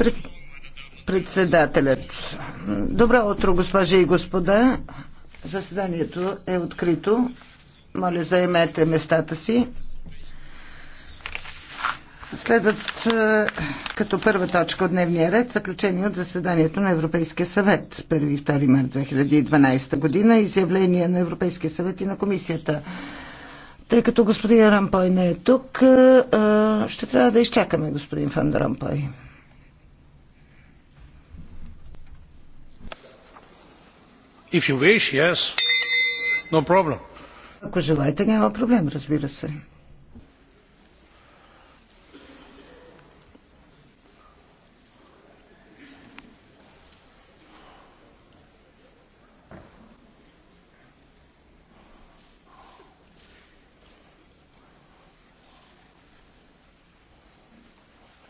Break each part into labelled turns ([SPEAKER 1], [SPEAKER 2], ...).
[SPEAKER 1] Пред... Председателят. Добро утро, госпожи и господа. Заседанието е открито. Моля, заемете местата си. Следват е, като първа точка от дневния ред заключение от заседанието на Европейския съвет 1 2 март 2012 година изявление на Европейския съвет и на комисията. Тъй като господин Рампой не е тук, е, е, ще трябва да изчакаме господин Фан Рампой. If you wish, yes. No problem. Ако желаете, няма проблем, разбира се.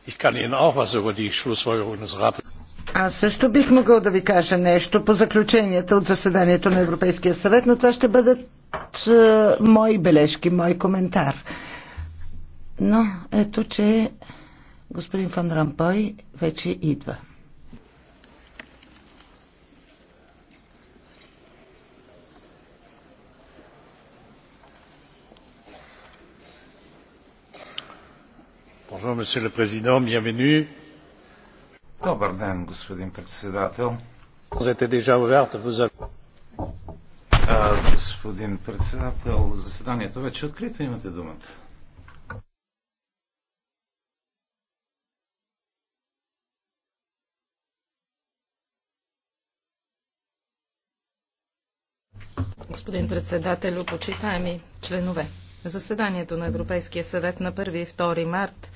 [SPEAKER 1] Ich kann Ihnen auch was über die Schlussfolgerung des Rates. Аз също бих могъл да ви кажа нещо по заключенията от заседанието на Европейския съвет, но това ще бъдат е, мои бележки, мой коментар. Но ето, че господин Фан Рампой вече идва. Bonjour, Monsieur le Président, bienvenue. Добър ден, господин председател. А, господин председател, заседанието е вече е открито, имате думата. Господин председател, почитаеми членове, заседанието на Европейския съвет на 1 и 2 март